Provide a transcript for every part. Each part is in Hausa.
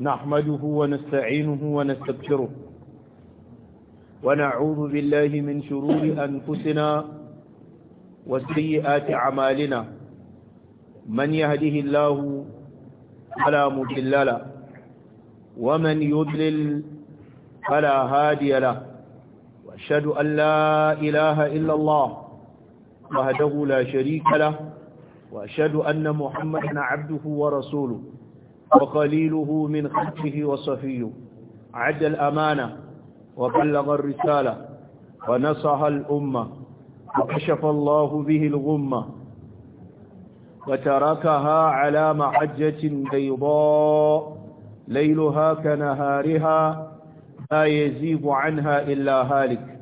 نحمده ونستعينه ونستبشره ونعوذ بالله من شرور أنفسنا وسيئات أعمالنا من يهده الله فلا مضل له ومن يضلل فلا هادي له واشهد أن لا إله إلا الله وهده لا شريك له واشهد أن محمدا عبده ورسوله وخليله من خلفه وصفيه عد الأمانة وبلغ الرسالة ونصح الأمة وكشف الله به الغمة وتركها على محجة بيضاء ليلها كنهارها لا يزيب عنها إلا هالك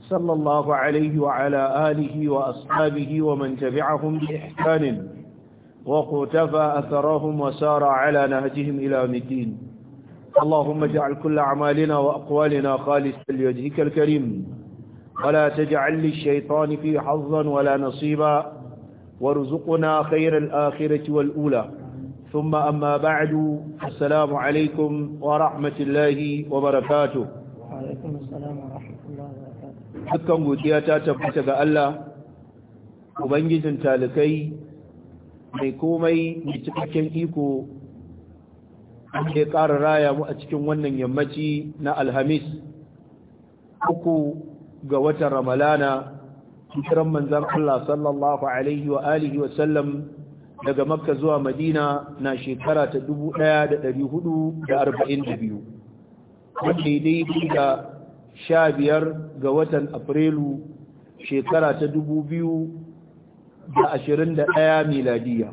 صلى الله عليه وعلى آله وأصحابه ومن تبعهم بإحسان وقتفى أثرهم وسار على نهجهم إلى مدين اللهم اجعل كل أعمالنا وأقوالنا خالصا لوجهك الكريم ولا تجعل للشيطان في حظا ولا نصيبا وارزقنا خير الآخرة والأولى ثم أما بعد السلام عليكم ورحمة الله وبركاته وعليكم السلام ورحمة الله وبركاته حكم قدياتا تبتغى الله وبنجز تالكي mai komai mai cikakken iko wanda ya ƙara raya mu a cikin wannan yammaci na alhamis uku ga watan ramalana kiran manzan Allah sallallahu alaihi wa alihi wa sallam daga makka zuwa madina na shekara ta 1442 wanda ya daidai da sha biyar ga watan afrilu shekara ta dubu biyu da ashirin da ɗaya miladiya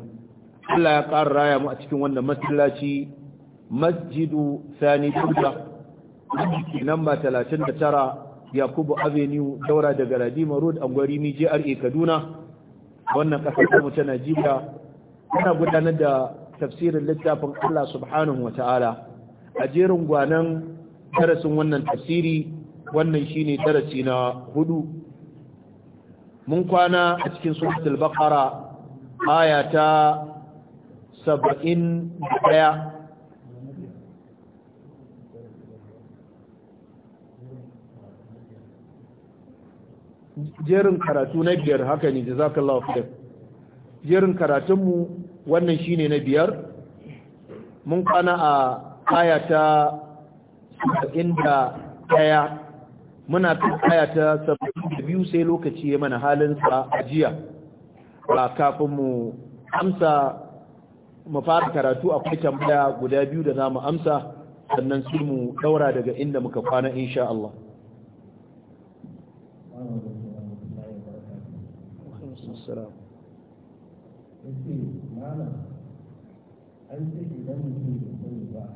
Allah ya ƙara raya mu a cikin wannan masallaci masjidu sani tuta namba talatin da tara yakubu avenue daura daga ladima road gwari ni jra kaduna wannan ƙasar kuma ta najeriya ana gudanar da tafsirin littafin allah subhanahu wa ta'ala a jerin gwanan darasin wannan tafsiri wannan shine darasi na hudu mun kwana a cikin suratul baqara aya ta 71 jerin karatu na biyar haka ne jazakallahu khair jerin karatunmu wannan shine na biyar mun kwana a aya ta 71 muna kan aya ta biyu sai lokaci ya mana halin sa ajiya ba kafin mu amsa mu fara karatu akwai tambaya guda biyu da zamu amsa sannan su mu daura daga inda muka kwana insha Allah Assalamu alaikum. Ya ce, an ce idan mutum bai sani ba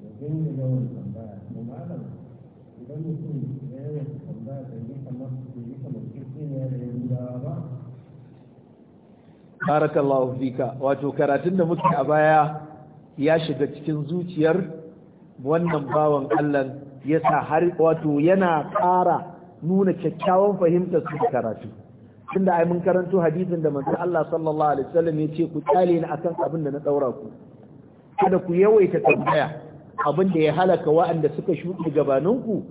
ya gani da yawan tambaya ko malam idan mutum ya yi wato karatun da muke a baya ya shiga cikin zuciyar wannan bawan Allah ya sa har wato yana ƙara nuna kyakkyawan fahimtar su karatu tunda ai mun karanto hadisin da manzo Allah sallallahu alaihi wasallam ya ce ku tsale ni akan abin da na daura ku kada ku yawaita tambaya abin da ya halaka wa'anda suka shuɗe gabaninku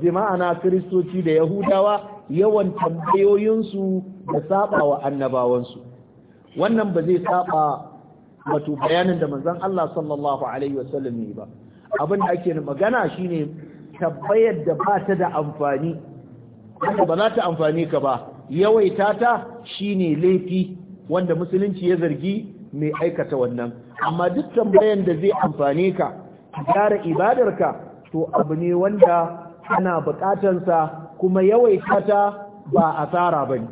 bi ma'ana kiristoci da yahudawa yawan tambayoyinsu da saba wa annabawansu wannan ba zai saba wato bayanin da manzon Allah sallallahu alaihi wasallam ne ba abin da ake magana shine tabbayar da ba ta da amfani wanda ba za ta amfani ka ba yawaita ta shine laifi wanda musulunci ya zargi mai aikata wannan amma duk tambayan da zai amfane ka gyara ibadarka to abu ne wanda ana bukatansa kuma yawai kata ba a asara ba ne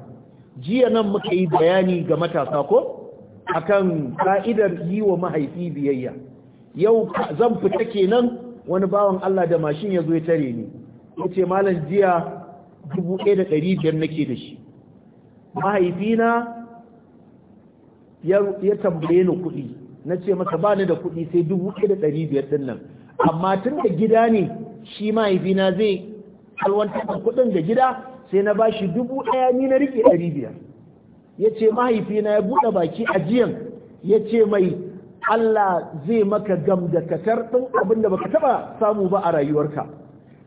jiya nan muka yi bayani ga matasa ko akan ka'idar yi wa mahaifi biyayya yau zan fita kenan wani bawan Allah da mashin ya zo ya tare ni ya ce malam jiya dubu ɗaya da ɗari biyar nake da shi mahaifina ya tambaye ni kuɗi na ce masa ba ni da kuɗi sai dubu ɗaya da ɗari biyar ɗin nan amma tun da gida ne shi mahaifina zai alwantar da kuɗin da gida sai na ba shi dubu ɗaya ni na riƙe ɗari biyar ya ce mahaifina ya buɗe baki ajiyan ya ce mai Allah zai maka gamdakatar ɗin abin da baka taɓa samu ba a rayuwarka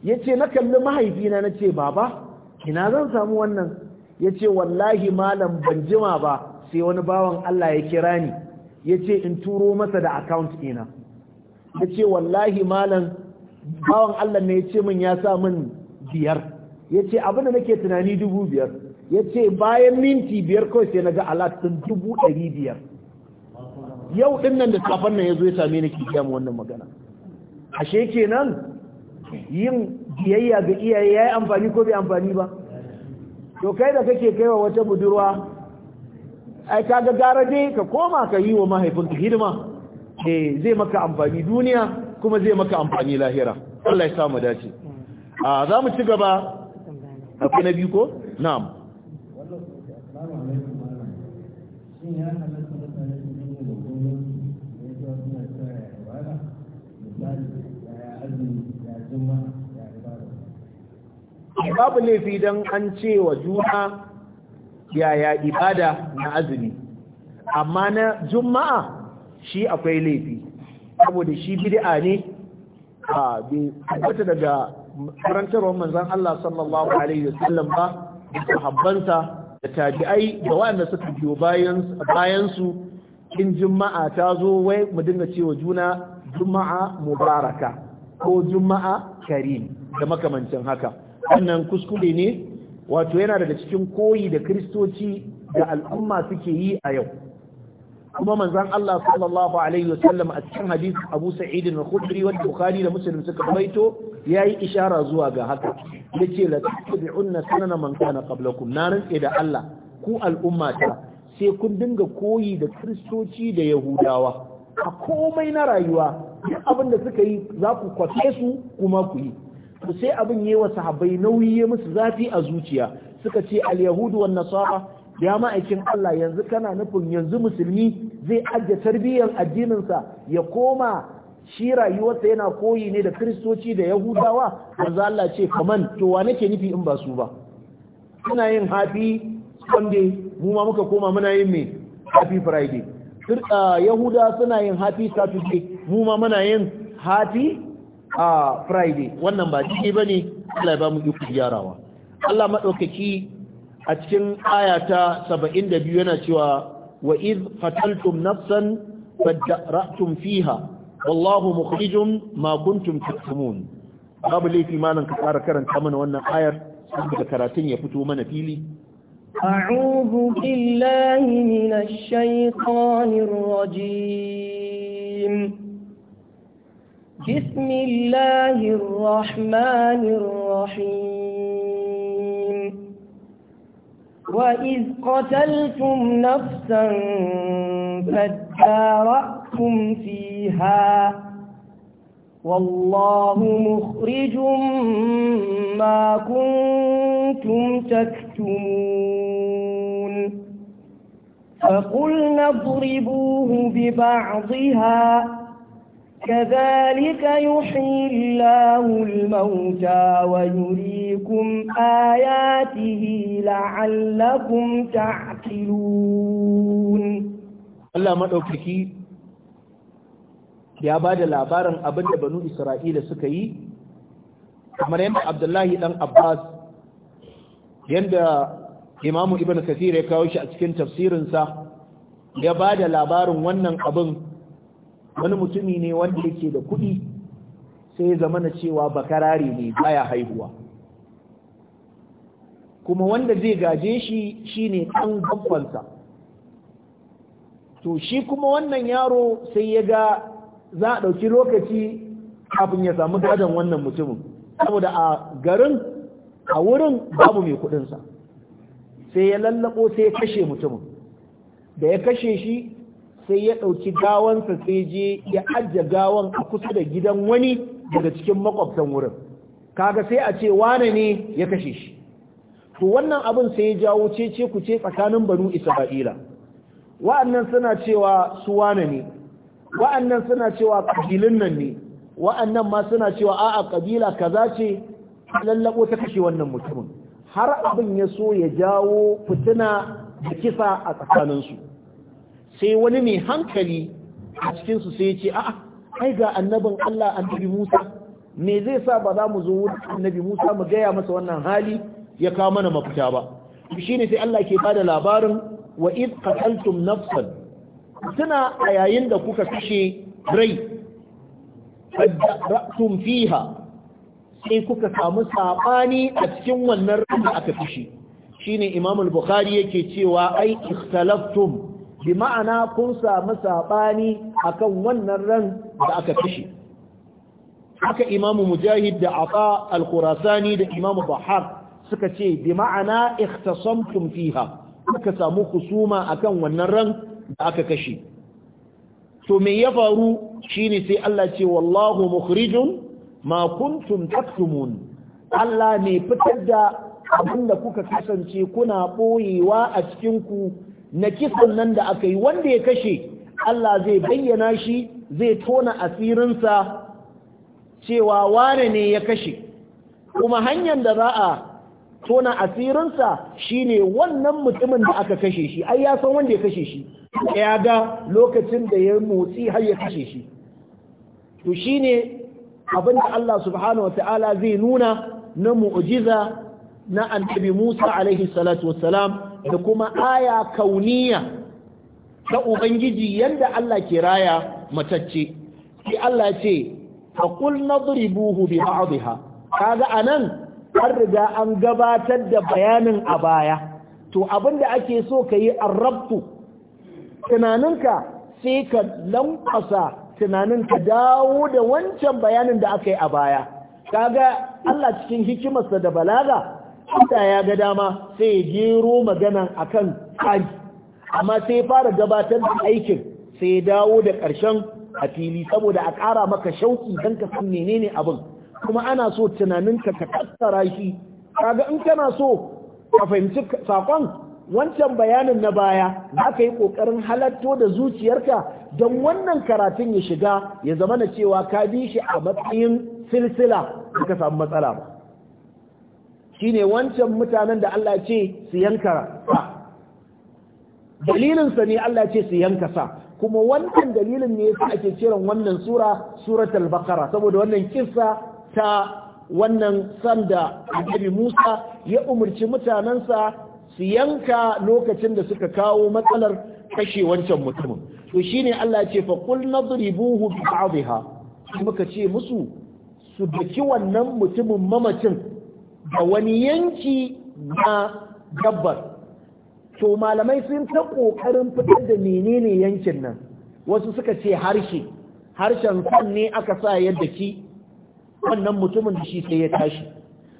ya ce na kalli mahaifina na ce baba ina zan samu wannan ya ce wallahi malam ban jima ba sai wani bawan Allah ya kira ni ya ce in turo masa da account ina ya ce wallahi malam bawan Allah ne ya ce min ya sa min biyar ya ce abinda nake tunani dubu biyar ya ce bayan minti biyar kawai sai na ga sun dubu ɗari biyar yau ɗin nan da safan nan ya zo ya sami na kiyaye wannan magana ashe kenan yin biyayya ga iyaye ya yi amfani ko bai amfani ba to kai da kake kaiwa wata budurwa ai kaga gara dai ka koma ka yi wa mahaifinka hidima eh zai maka amfani duniya kuma zai maka amfani lahira Allah ya samu dace a za mu ci gaba akwai na biyu ko na'am babu laifi don an ce wa juna yaya ibada na azumi amma na juma'a shi akwai laifi saboda shi bid'a ne a bai tabbata daga karantarwar manzon Allah sallallahu alaihi wasallam ba da sahabbansa da tabi'ai da waɗanda suka biyo bayan bayan su in juma'a ta zo wai mu dinga cewa juna juma'a mubaraka ko juma'a karim da makamancin haka wannan kuskure ne wato yana daga cikin koyi da kristoci da al'umma suke yi a yau kuma manzon Allah sallallahu alaihi wasallam a cikin hadisi Abu Sa'id al-Khudri wa Bukhari da Muslim suka baito yayi ishara zuwa ga haka yace la tabi'unna sunana man kana qablakum narin da Allah ku al'umma ta sai kun dinga koyi da kristoci da yahudawa a komai na rayuwa duk abin da suka yi za ku kwace su kuma ku yi to sai abin yi wa sahabbai nauyi ya musu zafi a zuciya suka ce al-yahudu wan nasara ya ma'aikin Allah yanzu kana nufin yanzu musulmi zai ajiye tarbiyyar sa ya koma shi rayuwarsa yana koyi ne da kristoci da yahudawa yanzu Allah ce kaman to wa nake nufi in ba su ba muna yin happy sunday mu ma muka koma muna yin me happy friday ah, yahuda suna yin happy saturday mu ma muna yin happy a friday wannan ba daidai ba ne allah ya ba mu iko gyarawa allah maɗaukaki a cikin aya ta saba'in da biyu yana cewa wa iz fataltum nafsan fadara'tum fiha wallahu mukhrijum ma kuntum taktumun babu laifi malam ka fara karanta mana wannan ayar saboda karatun ya fito mana fili أعوذ بالله من الشيطان الرجيم بسم الله الرحمن الرحيم وإذ قتلتم نفسا فادارأتم فيها والله مخرج ما كنتم تكتمون فقلنا اضربوه ببعضها كذلك يحيي الله الموتى ويريكم آياته لعلكم تعقلون Allah maɗaukaki ya ba da labarin abin da banu Isra'ila suka yi, kamar yadda Abdullahi ɗan Abbas, yadda Imamu Ibn Kathir ya kawo shi a cikin tafsirinsa, ya ba da labarin wannan abin wani mutumi ne wanda yake da kuɗi sai ya zama na cewa bakarari ne baya haihuwa kuma wanda zai gaje shi shine ɗan gabbansa to shi kuma wannan yaro sai ya ga za a ɗauki lokaci kafin ya samu gadon wannan mutumin saboda a garin a wurin babu mai kuɗinsa sai ya lallabo sai ya kashe mutumin da ya kashe shi sai ya ɗauki gawansa sai je ya ajiye gawan a kusa da gidan wani daga cikin makwabtan wurin kaga sai a ce wane ne ya kashe shi to wannan abin sai ya jawo cece ku ce tsakanin banu isra'ila wa'annan suna cewa su wane ne wa'annan suna cewa kabilin nan ne wa'annan ma suna cewa a'a kabila kaza ce lallabo ta kashe wannan mutumin har abin ya so ya jawo fitina da kisa a tsakaninsu sai wani mai hankali a cikinsu sai ce a'a ai ga annabin Allah annabi Musa me zai sa ba za mu zo wurin annabi Musa mu gaya masa wannan hali ya kawo mana mafita ba ne sai Allah ke bada labarin wa id qataltum nafsan tuna a yayin da kuka kashe rai fadda'tum fiha sai kuka samu sabani a cikin wannan rai da aka fishi shine Imam al-Bukhari yake cewa ai ikhtalaftum bi ma'ana kun samu saɓani akan wannan ran da aka kashe haka imamu mujahid da Afa, al-khurasani da imamu bahar suka ce bi ma'ana ikhtasamtum fiha kuka samu kusuma akan wannan ran da aka kashe to me ya faru shine sai Allah ce wallahu mukhrijun ma kuntum taktumun Allah ne fitar da abinda kuka kasance kuna boyewa a cikin ku na kisan nan da aka yi wanda ya kashe Allah zai bayyana shi zai tona asirinsa cewa wane ne ya kashe kuma hanyar da za a tona asirinsa shine wannan mutumin da aka kashe shi ai ya san wanda ya kashe shi ya ga lokacin da ya motsi har ya kashe shi to shine abin da Allah subhanahu wata'ala zai nuna na mu'jiza na annabi Musa alaihi salatu wassalam da kuma aya kauniya ta ubangiji yadda Allah ke raya matacce sai Allah ce faqul nadribuhu bi ba'dha kaga anan an riga an gabatar da bayanin a baya to abin da ake so ka yi arrabtu tunaninka sai ka lankwasa tunanin ka dawo da wancan bayanin da aka yi a baya Ka ga Allah cikin hikimarsa da balaga da ya ga dama sai ya gero magana a kan tsari amma sai fara gabatar da aikin sai ya dawo da ƙarshen a fili saboda a ƙara maka shauƙi don ka san menene abin kuma ana so tunaninka ka tattara shi kaga in kana so ka fahimci saƙon wancan bayanin na baya za ka yi ƙoƙarin halatto da zuciyarka don wannan karatun ya shiga ya zama na cewa ka bi shi a matsayin silsila ka samu matsala ba shine wancan mutanen da Allah ce su yanka sa dalilinsa ne Allah ce su yanka sa kuma wannan dalilin ne yasa ake ciran wannan sura suratul baqara saboda wannan kissa ta wannan sanda annabi Musa ya umarci mutanensa su yanka lokacin da suka kawo matsalar kashe wancan mutumin to shine Allah ya ce fa qul nadribuhu bi ba'dha muka ce musu su daki wannan mutumin mamacin da wani yanki na dabbar to malamai sun ta ƙoƙarin fitar da menene yankin nan wasu suka ce harshe harshen kan ne aka sa yadda ki wannan mutumin da shi sai ya tashi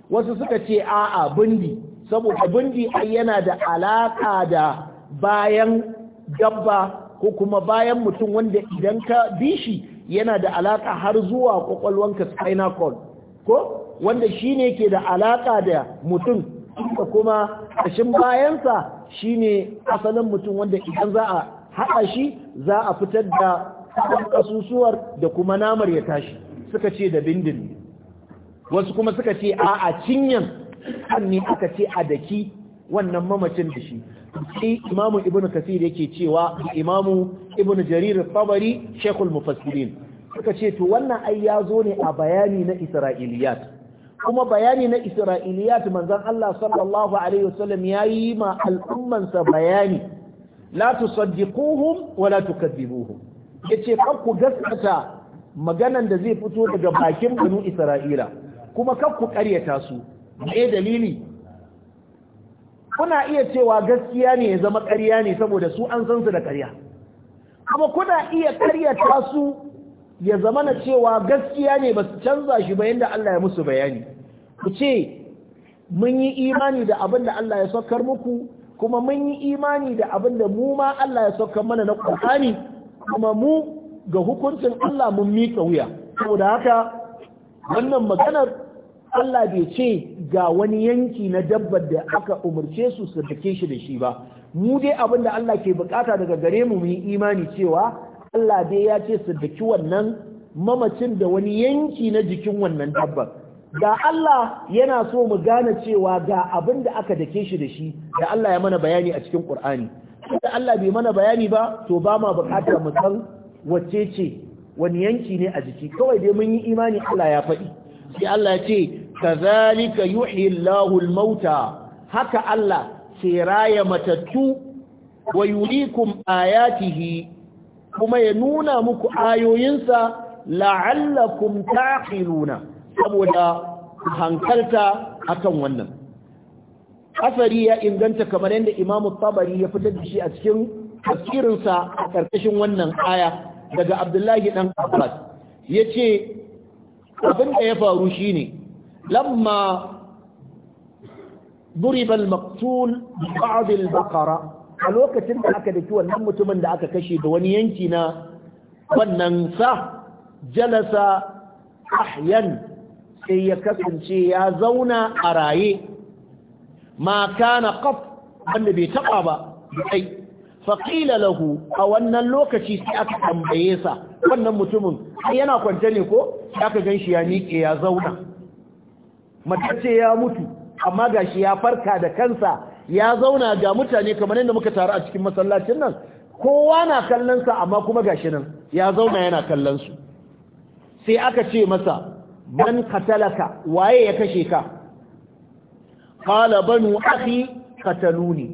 wasu suka ce a'a bindi saboda bindi ai yana da alaka da bayan dabba ko kuma bayan mutum wanda idan ka bi shi yana da alaƙa har zuwa kwakwalwanka spinal cord ko wanda shi ne ke da alaƙa da mutum da kuma ƙashin bayansa shi ne asalin mutum wanda idan za a haɗa shi za a fitar da ƙasusuwar da kuma namar ya tashi suka ce da bindin wasu kuma suka ce a a cinyan ne aka ce a daki wannan mamacin da shi sai imamu Ibn kasir yake cewa imamu Ibn jarir tabari shekul mufassirin suka ce to wannan ai ya zo ne a bayani na isra'iliyat kuma bayani na isra'iliyat manzon Allah sallallahu alaihi wasallam yayi ma al'ummansa bayani la tusaddiquhum wa la tukadzibuhum yace kar ku gaskata maganan da zai fito daga bakin banu isra'ila kuma kar ku karyata su me dalili kuna iya cewa gaskiya ne ya zama ƙarya ne saboda su an san su da ƙarya kuma kuna iya karyata su ya zama na cewa gaskiya ne ba su canza shi ba yadda Allah ya musu bayani ku ce mun yi imani da abin da Allah ya saukar muku kuma mun yi imani da abin da mu ma Allah ya saukar mana na Qur'ani kuma mu ga hukuncin Allah mun mika wuya saboda haka wannan maganar Allah bai ce ga wani yanki na dabbar da aka umarce su su dake shi da shi ba mu dai abin da Allah ke bukata daga gare mu mu yi imani cewa Allah dai ya ce su daki wannan mamacin da wani yanki na jikin wannan dabbar ga Allah yana so mu gane cewa ga abin da aka dake shi da shi da Allah ya mana bayani a cikin Qur'ani da Allah bai mana bayani ba to ba ma buƙatar mu san wacce ce wani yanki ne a jiki kawai dai mun yi imani Allah ya faɗi sai Allah ya ce kazalika yuhyi Allahu mauta haka Allah ke raya matattu wa yuriikum ayatihi kuma ya nuna muku ayoyinsa la'allakum taqiluna saboda hankalta akan wannan asari ya inganta kamar yadda Imam Tabari ya fitar da shi a cikin tafsirinsa a karkashin wannan aya daga Abdullahi dan Abbas yace abin da ya faru shine lamma ضرب المقتول ببعض البقره a lokacin da aka daki wannan mutumin da aka kashe da wani yanki na wannan sa jalasa ahyan sai ya kasance ya zauna a raye ma kana qaf wanda bai taba ba sai, faqila lahu a wannan lokaci sai aka tambaye sa wannan mutumin yana kwance ne ko aka ganshi ya miƙe ya zauna ce ya mutu amma gashi ya farka da kansa ya zauna ga mutane kamar yadda muka taru a cikin masallacin nan kowa na kallon sa amma kuma gashi nan ya zauna yana kallon su sai aka ce masa man katalaka waye ya kashe ka qala banu akhi kataluni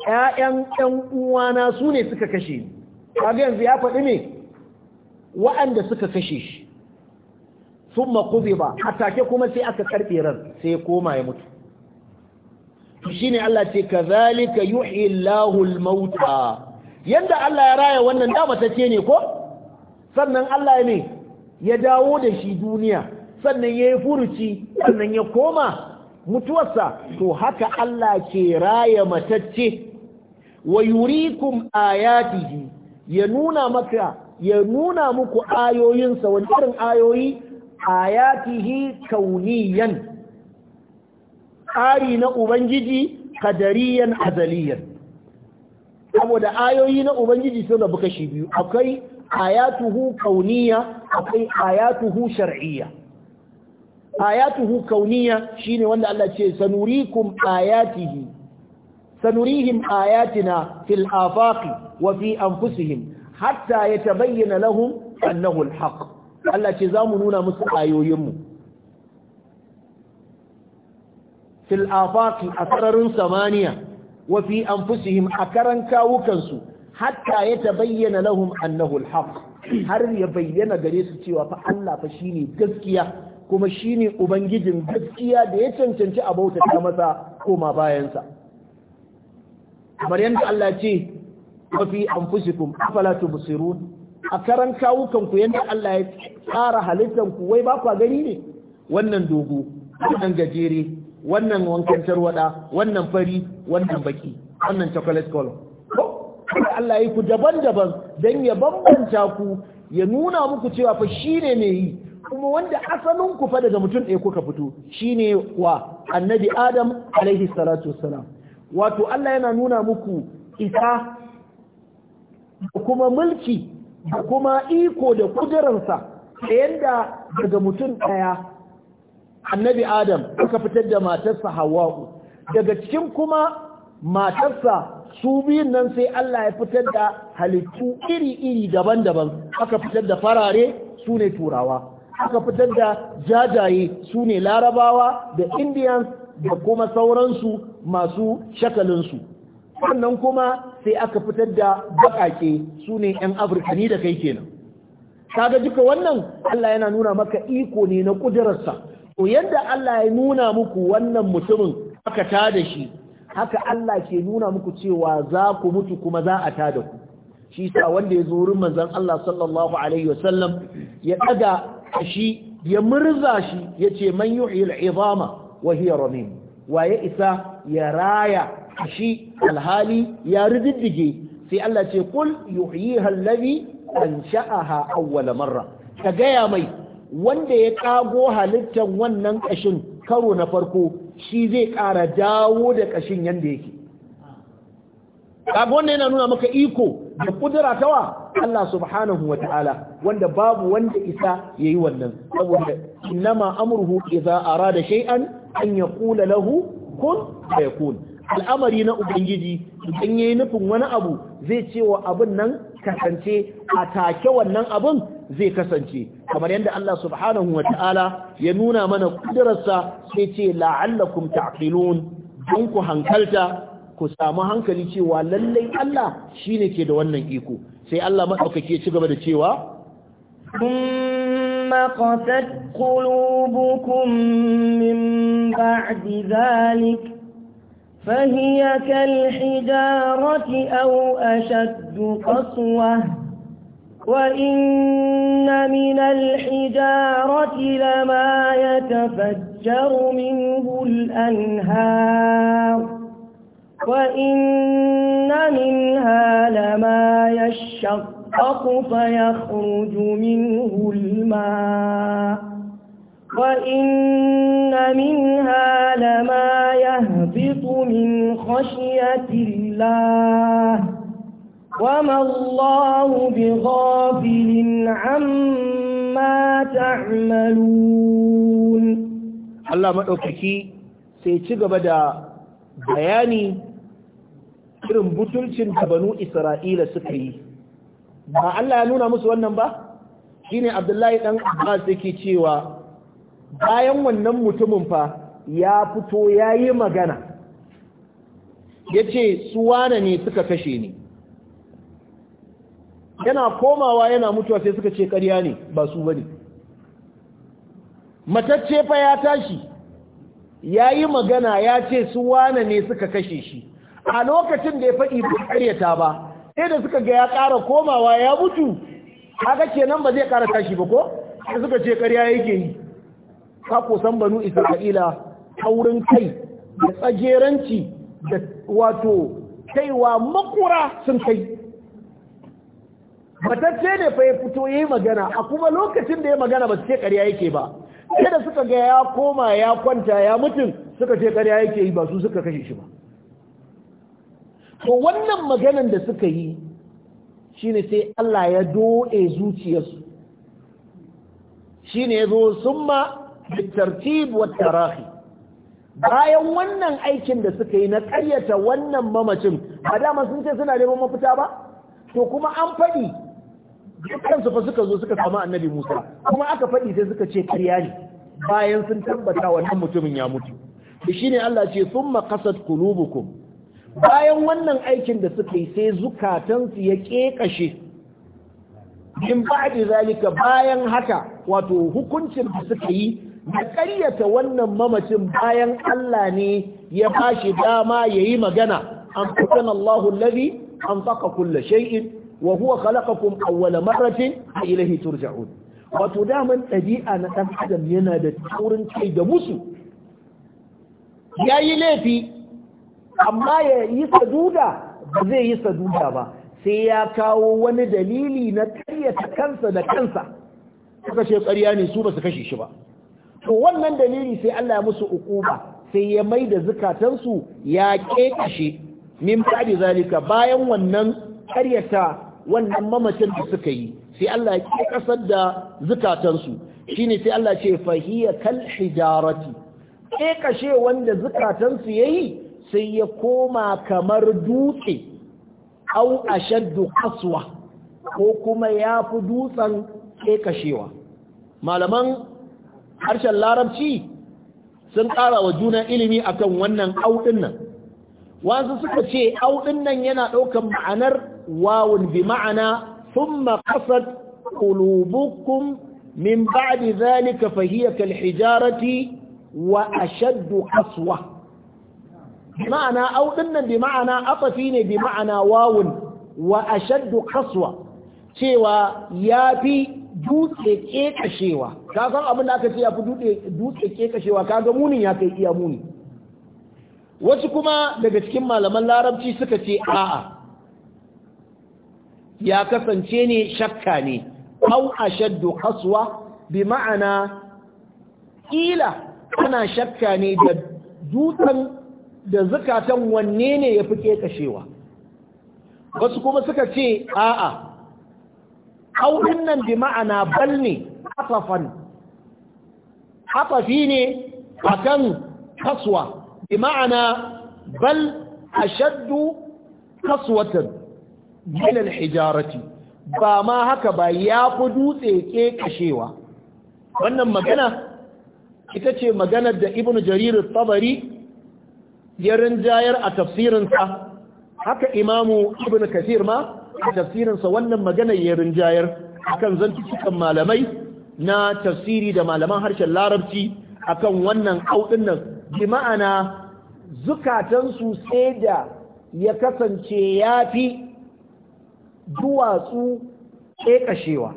ƴaƴan ƴan uwana su ne suka kashe ni yanzu ya faɗi ne waɗanda suka kashe shi sun makubi ba a take kuma sai aka karɓe ran sai ya koma ya mutu to shine Allah ce kazalika yuhyi Allahu al-mauta yanda Allah ya raya wannan da matace ne ko sannan Allah ne ya dawo da shi duniya sannan yayi furuci sannan ya koma mutuwarsa to haka Allah ke raya matacce wa yurikum ayatihi ya nuna maka ya nuna muku ayoyinsa wani irin ayoyi ayatihi kauniyan tsari na ubangiji kadariyan azaliyan saboda ayoyi na ubangiji sun rabu kashi biyu akwai ayatuhu kauniya akwai ayatuhu shar'iyya ayatuhu kauniya shine wanda Allah ce sanurikum ayatihi sanurihim ayatina fil afaqi wa fi anfusihim hatta bayyana lahum annahu haq Allah ce zamu nuna musu ayoyinmu mu fil afaqi a sararin samaniya wa fi anfusihim a karan kawukansu hatta ya bayyana lahum annahu alhaq har ya bayyana gare su cewa fa Allah fa shine gaskiya kuma shine ubangijin gaskiya da ya cancanci a bautata masa koma bayansa kamar yadda Allah ce wa fi anfusikum afala tubsirun a karan kawukanku yadda Allah ya tsara halittanku wai ba kwa gani ne wannan dogo wannan gajere wannan wankan tarwada wannan fari wannan baki wannan chocolate color Allah ya yi ku daban-daban don ya bambanta ku ya nuna muku cewa fa shine ne yi kuma wanda asalin ku fa daga mutum ɗaya kuka fito shine wa annabi adam alaihi salatu wassalam wato Allah yana nuna muku isa da kuma mulki da kuma iko da kujerarsa ta yadda daga mutum ɗaya annabi adam aka fitar da matarsa hawa'u daga cikin kuma matarsa su biyun nan sai Allah ya fitar da halittu iri-iri daban-daban aka fitar da farare su ne turawa aka fitar da jajaye su ne larabawa da indians da kuma sauransu masu shakalinsu sannan kuma sai aka fitar da baƙaƙe su ne 'yan afirka ni da kai kenan ga duka wannan Allah yana nuna maka iko ne na ƙudurarsa to yadda Allah ya nuna muku wannan mutumin aka tada shi haka Allah ke nuna muku cewa za ku mutu kuma za a tada ku shi sa wanda ya zo wurin Allah sallallahu alaihi wasallam ya daga shi ya murza shi yace man yuhyil izama wa hiya wa ya isa ya raya shi alhali ya rididdige sai Allah ce kul halabi? An sha'aha awwala marra ka gaya mai wanda ya kago halittar wannan kashin karo na farko shi zai kara dawo da kashin yanda yake kago ne yana nuna maka iko da kudura tawa Allah subhanahu wa ta'ala wanda babu wanda isa ya yi wannan saboda innama amruhu idza arada shay'an an ya yaqula lahu kun fayakun al'amari na ubangiji idan yayi nufin wani abu zai ce wa abun nan kasance a take wannan abun zai kasance kamar yadda Allah subhanahu wa ta'ala ya nuna mana kudararsa sai ce la'allakum ta'qilun don ku hankalta ku samu hankali cewa lallai Allah shi ne ke da wannan iko sai Allah madaukake ci gaba da cewa ثم قست قلوبكم من بعد فهي كالحجارة أو أشد قسوة وإن من الحجارة لما يتفجر منه الأنهار وإن منها لما يشقق فيخرج منه الماء وإن منها لما يهبط من خشية الله وما الله بغافل عما تعملون Allah maɗaukaki sai ci gaba da bayani irin butulcin da banu Isra'ila suka yi. Ba Allah ya nuna musu wannan ba? Shi ne Abdullahi ɗan Abbas yake cewa bayan wannan mutumin fa ya fito ya yi magana. Ya ce, Suwana ne suka kashe ni, yana komawa yana mutuwa sai suka ce ƙarya ne ba su bane matacce fa ya tashi ya yi magana ya ce su wane ne suka kashe shi a lokacin da ya faɗi ba ƙaryata ba sai da suka ga ya ƙara komawa ya mutu haka kenan ba zai ƙara tashi ba ko sai suka ce ƙarya yake yi ka kusan banu isra'ila taurin kai da tsageranci da wato kaiwa makura sun kai matacce ne fa ya fito yayi magana a kuma lokacin da ya magana ba su ce ƙarya yake ba sai da suka ga ya koma ya kwanta ya mutum suka ce ƙarya yake yi ba su suka kashe shi ba to wannan maganan da suka yi shine sai Allah ya doe zuciyarsu shine yazo summa bitartib wa tarahi bayan wannan aikin da suka yi na ƙaryata wannan mamacin ba dama sun ce suna neman mafita ba to kuma an faɗi kansu fa suka zo suka samu annabi Musa kuma aka faɗi sai suka ce ƙarya ne bayan sun tabbata wannan mutumin ya mutu da shine Allah ce sun qasat qulubukum bayan wannan aikin da suka yi sai zukatansu ya kekashe in ba'di zalika bayan haka wato hukuncin da suka yi da ƙaryata wannan mamacin bayan Allah ne ya bashi dama yayi magana an fi Allahu an faqa kullu shay'in wa huwa khalaqakum awwala marratin wa ilayhi turja'un wato daman ɗabi'a na ɗan adam yana da taurin kai da musu yayi laifi amma ya yi saduda ba zai yi saduda ba sai ya kawo wani dalili na karyata kansa da kansa suka ce ƙarya ne su ba su kashe shi ba to wannan dalili sai Allah ya musu uquba sai ya mai da zukatansu ya kekashe min ba'di zalika bayan wannan karyata wannan mamacin da suka yi sai Allah ya ke kasar da zukatansu shine sai Allah ce fahiya kal hijarati ke kashe wanda zukatansu yayi sai ya koma kamar dutse au ashaddu qaswa ko kuma yafi dutsen ke kashewa malaman harshen larabci sun ƙara wa juna ilimi akan wannan au nan wasu suka ce au nan yana ɗaukar ma'anar wawun bi ma'ana thumma qasat qulubukum min ba'di dhalika fa hiya kal hijarati wa ashaddu qaswa ma'ana aw bi ma'ana atafi ne bi ma'ana wawun wa ashaddu qaswa cewa yafi dutse kekashewa ka san abin da aka ce yafi dutse dutse kekashewa kaga munin ya kai iya muni wasu kuma daga cikin malaman larabci suka ce a'a ya kasance ne shakka ne au ashaddu qaswa bi ma'ana kila ana shakka ne da dutsen da zakatan wanne ne ya kashewa wasu kuma suka ce a'a au nan bi ma'ana bal ne atafan atafi ne akan kaswa bi ma'ana bal ashaddu kaswatan minal hijarati ba ma haka ba ya fi dutse ke kashewa wannan magana ita ce maganar da ibn jarir tabari ya rinjayar a tafsirinsa haka imamu ibn kasir ma a tafsirinsa wannan magana ya rinjayar akan cikin malamai na tafsiri da malaman harshen larabci akan wannan kaudin nan bi ma'ana zukatansu sai da ya kasance ya fi duwatsu ƙeƙashewa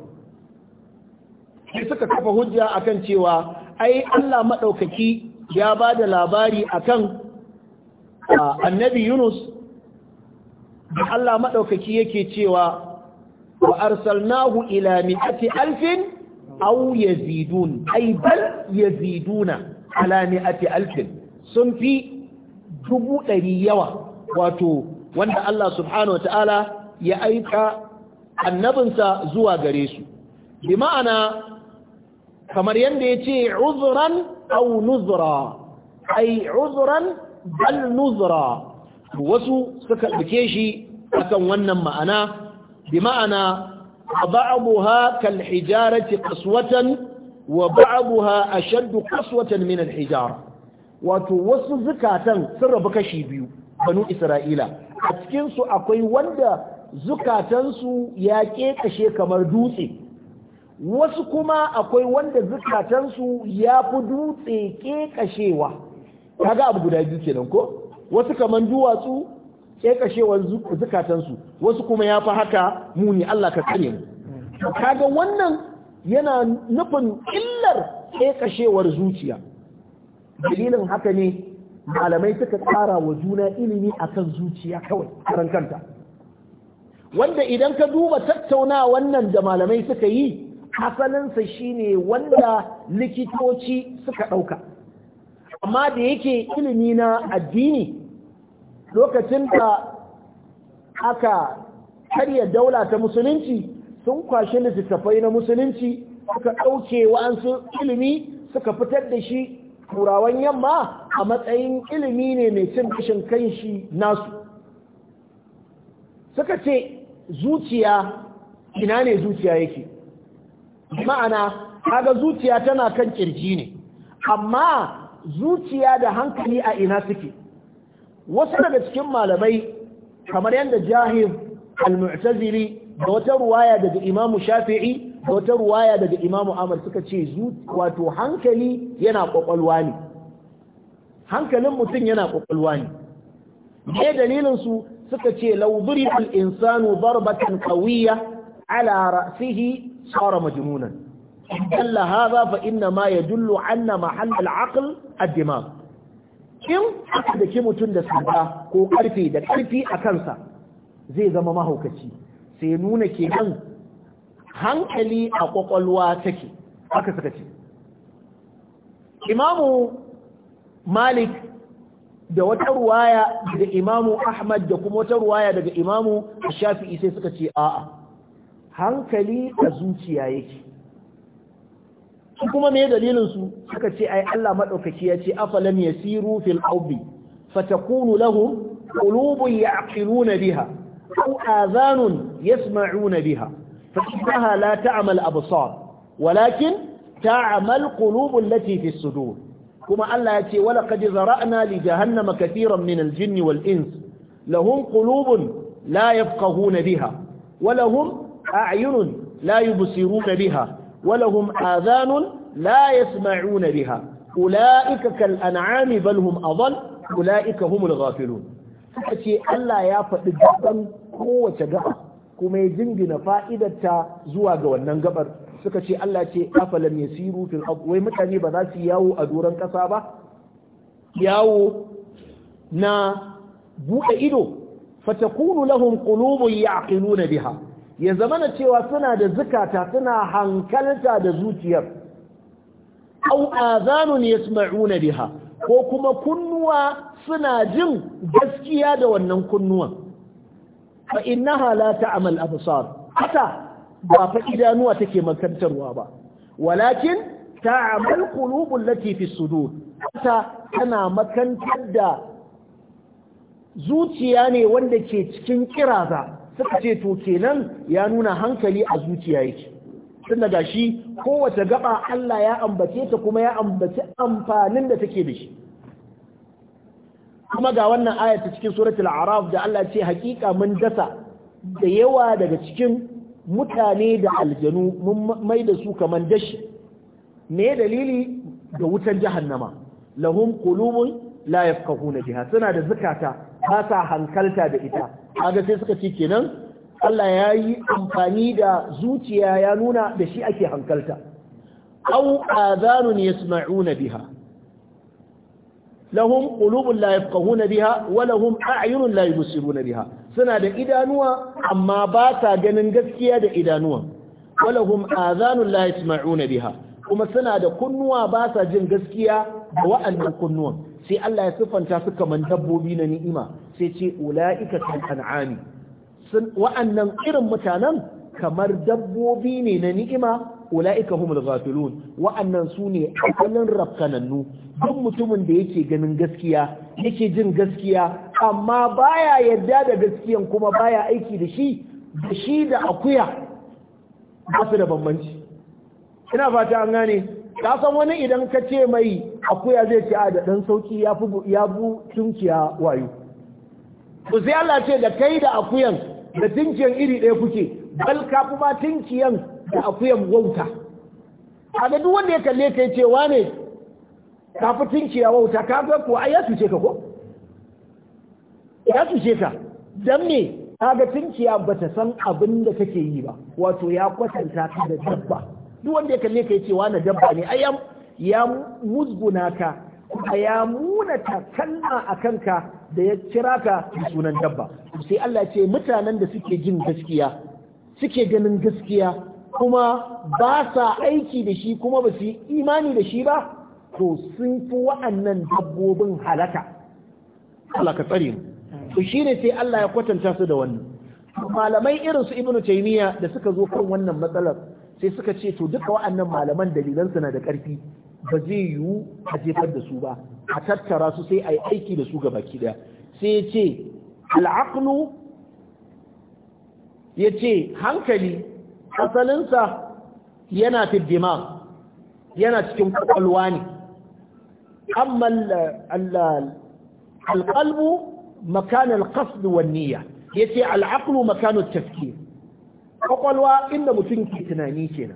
sai suka kafa hujja akan cewa ai Allah maɗaukaki ya ba da labari akan annabi Yunus da Allah maɗaukaki yake cewa wa arsalnahu ila mi'ati alfin aw yazidun ay bal yaziduna ala mi'ati alfin sun fi dubu ɗari yawa wato wanda Allah subhanahu wa ta'ala ya aika annabinsa zuwa gare su bi kamar yadda ya ce uzuran au nuzura ai uzuran bal nuzura wasu suka ɗauke shi akan wannan ma'ana bi ma'ana a ba'abuha kal hijarati kaswatan wa ba'abuha a shaddu kaswatan min al hijara wato wasu zukatan sun rabu kashi biyu banu isra'ila a cikinsu akwai wanda zukatansu ya ƙeƙashe kamar dutse wasu kuma akwai wanda zukatansu ya fi dutse ƙeƙashewa kaga abu guda biyu kenan ko wasu kamar duwatsu ƙeƙashewar zukatansu wasu kuma ya fi haka muni Allah ka kare mu kaga wannan yana nufin illar ƙeƙashewar zuciya dalilin haka ne malamai suka tsara wa juna ilimi akan zuciya kawai karan kanta wanda idan ka duba tattauna wannan da malamai suka yi asalinsa shine wanda likitoci suka ɗauka amma da yake ilimi na addini lokacin da aka karya daula ta musulunci sun kwashe littattafai na musulunci suka ɗauke wa'ansu ilimi suka fitar da shi turawan yamma a matsayin ilimi ne mai cin kashin kanshi nasu suka ce zuciya ina ne zuciya yake ma'ana kaga zuciya tana kan kirji ne amma zuciya da hankali a ina suke wasu daga cikin malamai kamar yadda jahir al-mu'tazili da wata ruwaya daga imamu shafi'i da wata ruwaya daga imamu amr suka ce wato hankali yana kwakwalwa ne hankalin mutum yana kwakwalwa ne me dalilin su suka ce law al-insanu darbatan qawiyya ala ra'sihi sara majnunan dalla hadha fa inna ma yadullu anna mahall al-aql ad-dimagh in aka daki mutum da sanda ko karfe da karfi a kansa zai zama mahaukaci sai nuna kenan hankali a kwakwalwa take haka suka ce imamu malik da wata ruwaya da imamu ahmad da kuma wata ruwaya daga imamu shafi'i sai suka ce a'a hankali da zuciya yake su kuma me dalilin su suka ce ai Allah madaukaki ya ce afalam yasiru fil ardi fatakunu lahum qulubun ya'qiluna biha azanun adhanun yasma'una biha fa innaha la abu absar walakin ta'amal ƙulubun lati su sudur kuma Allah ya ce wala qad zara'na li jahannama katiran min al-jinni wal ins lahum qulubun la yafqahuna biha wa lahum a'yunun la yubsiruna biha wa lahum adhanun la yasma'una biha ulaika kal an'ami bal hum adall ulaika humul ghafilun suka ce Allah ya faɗi gaban kowace gaba kuma ya jingina fa'idarta zuwa ga wannan gabar suka ce Allah ce afalam yasiru fil ard wai mutane ba za su yawo a doron kasa ba yawo na buɗe ido fatakunu lahum qulubun ya'qiluna biha ya zamana cewa suna da zukata suna hankalta da zuciyar aw azanun yasma'una biha ko kuma kunnuwa suna jin gaskiya da wannan kunnuwan fa innaha la ta'mal absar haka ba fa idanuwa take makantarwa ba walakin ta'amal qulubul lati fi sudur ta tana makantar da zuciya ne wanda ke cikin kiraza suka ce to kenan ya nuna hankali a zuciya yake tun ga shi kowace gaba Allah ya ambace ta kuma ya ambaci amfanin da take da shi kuma ga wannan ayata cikin suratul araf da Allah ce hakika mun dasa da yawa daga cikin mutane da aljanu mun mai da su kamar dashi me dalili da wutan jahannama lahum qulubun la yafqahuna biha suna da zakata ba sa hankalta da ita kaga sai suka ce kenan Allah ya yi amfani da zuciya ya nuna da shi ake hankalta aw adhanun yasma'una biha lahum qulubun la yafqahuna biha wa lahum a'yunun la yubsiruna biha suna da idanuwa amma ba ta ganin gaskiya da idanuwa walahum azanun la yasma'una biha kuma suna da kunnuwa ba sa jin gaskiya da wa'annan kunnuwan sai Allah ya siffanta su kaman dabbobi na ni'ima sai ce ula'ika kan an'ami sun wa'annan irin mutanen kamar dabbobi ne na ni'ima ula'ika humul ghafilun wa'annan su ne rafkanannu duk mutumin da yake ganin gaskiya yake jin gaskiya amma baya yadda da gaskiyan kuma baya aiki da shi da shi da akuya ba su da bambanci ina fata an gane ka san wani idan ka ce mai akuya zai ci a da dan sauki ya fi ya bu tunkiya wayo ku sai Allah ce da kai da akuyan da tunkiyan iri ɗaya kuke bal ka fi ma tunkiyan da akuyan wauta a da duk wanda ya kalle ka ce wane ka fi tunkiya wauta ka ga ko ai ya ka ko ya cuce ta dan me kaga tunkiya bata san abin da take yi ba wato ya kwatanta ta da dabba duk wanda ya kalle ka yace wani dabba ne ai ya muzguna ka kuma ya muna ta kalma a kanka da ya kira ka da sunan dabba sai Allah ce mutanen da suke jin gaskiya suke ganin gaskiya kuma ba sa aiki da shi kuma ba su yi imani da shi ba to sun fi wa'annan dabbobin halaka Allah ka tsare mu to ne sai Allah ya kwatanta su da wannan malamai irin su ibnu taymiya da suka zo kan wannan matsalar sai suka ce to duka wa'annan malaman dalilan na da karfi ba zai yiwu a jefar da su ba a tattara su sai a yi aiki da su ga baki daya sai ya ce al'aqlu ya ce hankali asalinsa yana fi yana cikin kwakwalwa ne amma alƙalbu مكان القصد والنية يتي العقل مكان التفكير Ƙwaƙwalwa inda mutum ke tunani kenan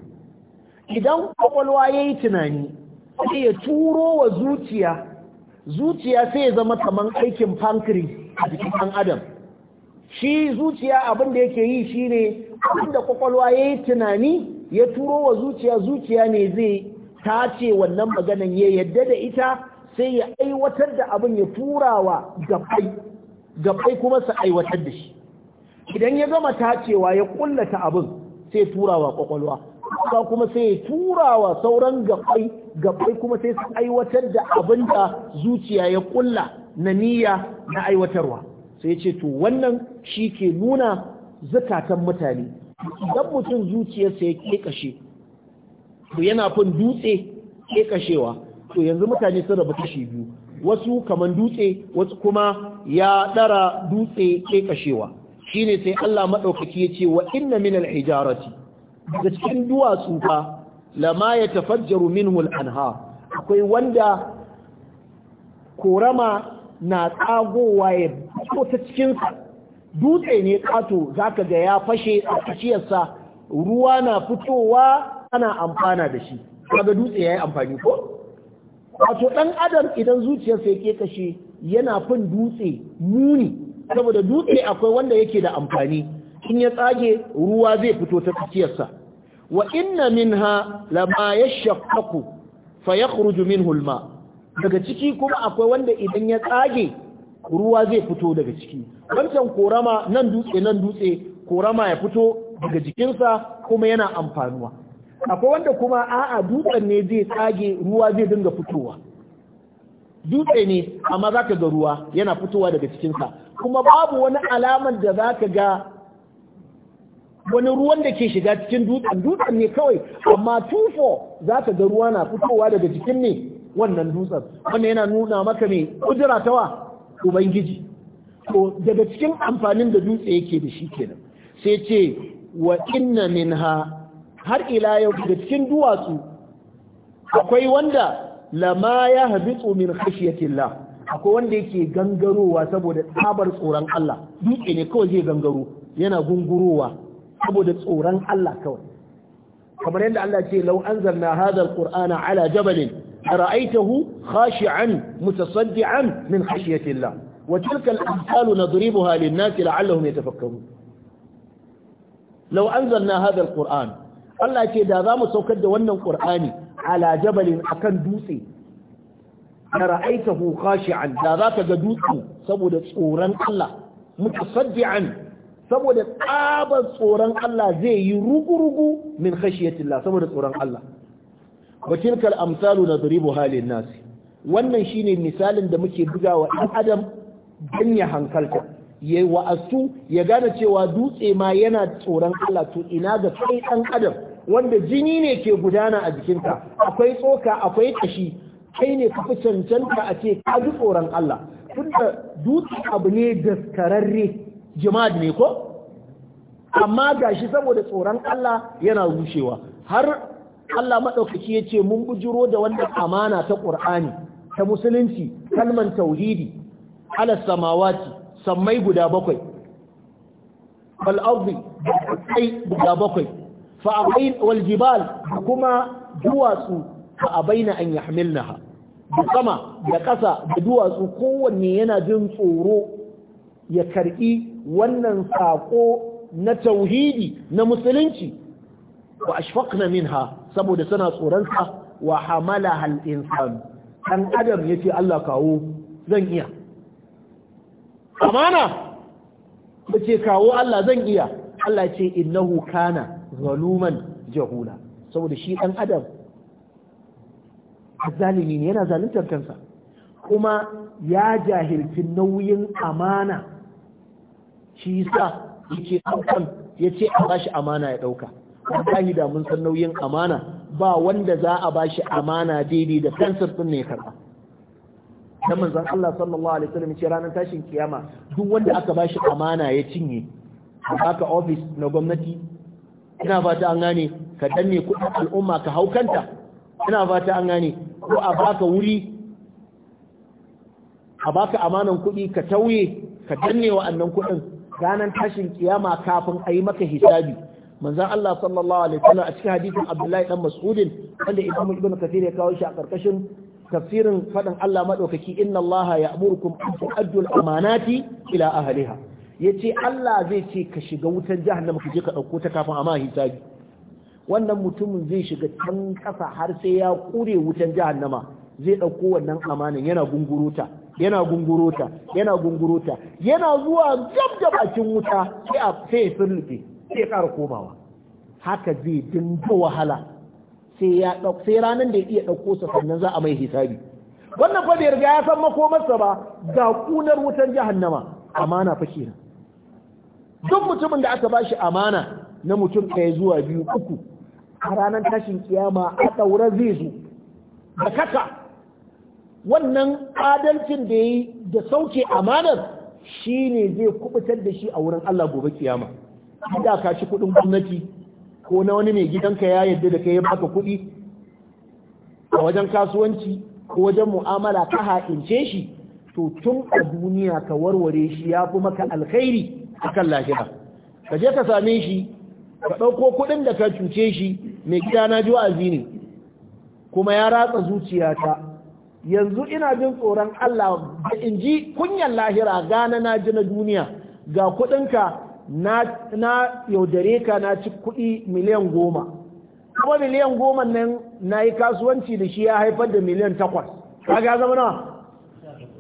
idan ƙwaƙwalwa ya yi tunani sai ya turo wa zuciya zuciya sai ya zama kamar aikin pankiri a jikin ɗan adam shi zuciya abin da yake yi shine inda kwakwalwa ya yi tunani ya turo wa zuciya zuciya ne zai tace wannan maganan ya yadda da ita sai ya aiwatar da abin ya turawa gabai gabai kuma su aiwatar da shi idan ya gama tacewa ya kullata abin sai turawa kwakwalwa ba kuma sai ya turawa sauran gabai gabai kuma sai su aiwatar da abin da zuciya ya kulla na niyya na aiwatarwa sai ce to wannan shi ke nuna zakatan mutane idan mutum zuciyarsa ya ke kashe to yana fin dutse ke kashewa to yanzu mutane sun rabu kashi biyu wasu kaman dutse wasu kuma ya ɗara dutse ke shi shine sai Allah maɗaukaki ya ce wa inna minal hijarati Da cikin duwatsu fa lama ya tafajjaru al anha akwai wanda korama na tsagowa ya fito ta cikinsa dutse ne kato zaka ga ya fashe a sa ruwa na fitowa ana amfana da shi kaga dutse ya yi amfani ko wato ɗan adam idan zuciyarsa yake kashe yana fin dutse muni saboda dutse akwai wanda yake da amfani in ya tsage ruwa zai fito ta tsakiyarsa wa inna minha lama yashaqqaqu fa yakhruju minhu alma daga ciki kuma akwai wanda idan ya tsage ruwa zai fito daga ciki wancan korama nan dutse nan dutse korama ya fito daga jikinsa kuma yana amfanuwa akwai wanda kuma a'a dutsen ne zai tsage ruwa zai dinga fitowa dutse ne amma za ka ga ruwa yana fitowa daga cikinsa kuma babu wani alamar da za ka ga wani ruwan da ke shiga cikin dutsen dutsen ne kawai amma tufo za ka ga ruwa na fitowa daga cikin ne wannan dutsen wannan yana nuna maka mai kudura tawa ubangiji to daga cikin amfanin da dutse yake da shi kenan sai ce wa inna minha har ila yau da cikin duwatsu akwai wanda lama ya habitsu min khashiyatillah akwai wanda yake gangarowa saboda tsabar tsoron Allah dutse ne kawai zai gangaro yana gungurowa saboda tsoron Allah kawai kamar yadda Allah ce law anzalna hadha alqur'ana ala jabalin ra'aytahu khashi'an mutasaddian min khashiyatillah wa tilka al-amsalu nadribuha lin-nasi la'allahum yatafakkarun law anzalna hadha alqur'ana Allah ce da za mu saukar da wannan Kur'ani ala jabalin akan dutse na ra'aitahu khashi'an da za ka ga dutse saboda tsoron Allah mutasaddian saboda tsabar tsoron Allah zai yi rugurugu min khashiyatillah saboda tsoron Allah wa tilkal amsalu nadribu halin nasi. wannan shine misalin da muke bugawa ɗan adam dan ya hankalta ya wa'astu ya gane cewa dutse ma yana tsoron Allah to ina ga kai ɗan adam wanda jini ne ke gudana a jikinka akwai tsoka akwai kashi kai ne ka cancanta a ce ka ji tsoron Allah Tun da dutse abu ne da daskararre jima'ad ne ko amma ga shi saboda tsoron Allah yana rushewa har Allah maɗaukaki ya ce mun bujiro da wanda amana ta ƙur'ani ta musulunci kalman tauhidi ala samawati sammai guda bakwai fal'arzi guda bakwai fa'abain wal kuma duwatsu abaina an yahmilnaha da sama da ƙasa da duwatsu kowanne yana jin tsoro ya karɓi wannan saƙo na tauhidi na musulunci wa ashfaqna minha saboda suna tsoron sa wa hamalaha al insan dan adam yace Allah kawo zan iya amana ce kawo Allah zan iya Allah ce innahu kana zaluman jahula saboda shi ɗan adam zalimi ne yana zaluntar kansa kuma ya jahilci nauyin amana shi yasa yake ɗaukan ya ce a bashi amana ya ɗauka wallahi da mun san nauyin amana ba wanda za a bashi amana daidai da kansar ɗin ne karɓa dan manzon Allah sallallahu alaihi wasallam ce ranar tashin kiyama duk wanda aka bashi amana ya cinye a baka ofis na gwamnati ina fata an gane ka danne kudin al'umma ka haukanta ina fata an gane ko a baka wuri a baka amanan kudi ka tauye ka danne wa'annan kudin ranar tashin kiyama kafin a yi maka hisabi manzan Allah sallallahu alaihi wasallam a cikin hadisin Abdullahi dan Mas'udin wanda Imam Ibn Kathir ya kawo shi a karkashin tafsirin faɗin Allah maɗaukaki inna Allah ya amurkum an tu'addu al-amanati ila ahliha ya ce Allah zai ce ka shiga wutar jahannama ka je ka ɗauko ta kafin amma hisabi wannan mutumin zai shiga can ƙasa har sai ya ƙure wutar jahannama zai ɗauko wannan amanan yana gungurota yana gungurota yana gungurota yana zuwa gab da bakin wuta sai a sai ya sai ya ƙara komawa haka zai dinga wahala sai ya sai ranar da ya iya ɗauko sa sannan za a mai hisabi wannan fa bai riga ya san makomarsa ba ga ƙunar wutar jahannama amana fa kenan duk mutumin da aka bashi amana na mutum ɗaya zuwa biyu uku a ranar tashin kiyama a ɗaura zai zo da kaka wannan adalcin da yi da sauke amanar shi ne zai kubutar da shi a wurin Allah gobe kiyama da ka shi kuɗin gwamnati ko na wani mai gidanka ya yadda da kai yi baka kuɗi a wajen kasuwanci ko wajen mu'amala ka haƙince shi to tun a duniya ka warware shi ya fi maka alkhairi kan lahira ka je ka same shi ka ɗauko kuɗin da ka cuce shi mai gida na ji wa'azi ne kuma ya ratsa zuciyata yanzu ina jin tsoron Allah in ji kunyan lahira gana na ji na duniya ga kuɗinka na yaudare ka na ci kuɗi miliyan goma kuma miliyan goma nan na yi kasuwanci da shi ya haifar da miliyan takwas ka ga zama nawa